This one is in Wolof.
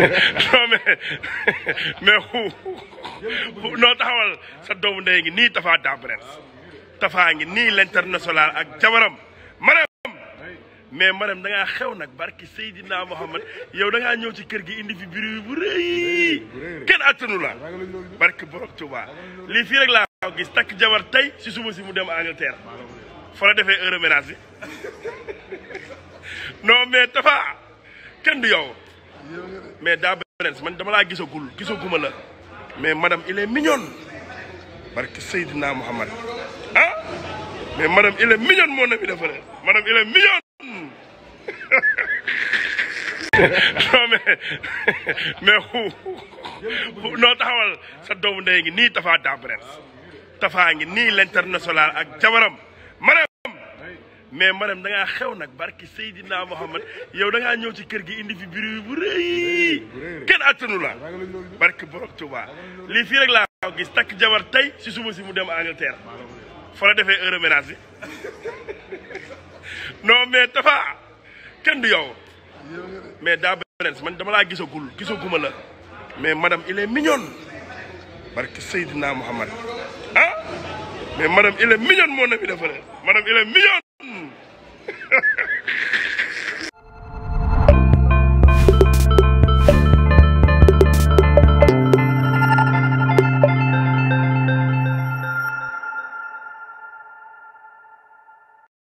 non mais mais noo taxawal sa doomu ndey ngi nii Tapha Dabrène Tapha ngi nii l'international ak jabaram maram mais maram da xew nag barki na Mohamed yow da ngaa ñëw ci kër gi indi fi bruit bu rëy kenn attanu la barki Borom Touba lii fii rek laa gis takk jabar tey si suba si mu dem Angleterre fa la defee heure ménage bi non mais Tapha kenn du yow mais daa beneen man dama laa gisagul gisaguma la mais madame il est mignonne barke Seydina Mouhamad ah mais madame il est mignonne mon ami dafa leen madame il est mignonne noo taxawal sa doomu ndey ngi nii Tafa daa beneen ngi nii l'international ak jabaram madame mais madame da xew nag barki Seydina Mohamed yow da ngaa ñëw ci kër gi indi fi bruit bu rëy kenn attanu la barki Borom Touba lii fii rek laa gis takk jabar tey si suba si mu dem Angleterre fa la defee heure ménage bi non mais Tafa kenn du yow mais daa beneen man dama laa gisagul gisaguma la mais manam il est mignonne barki Seydina Mohamed ah mais madame il est moo na mi dafa madame il est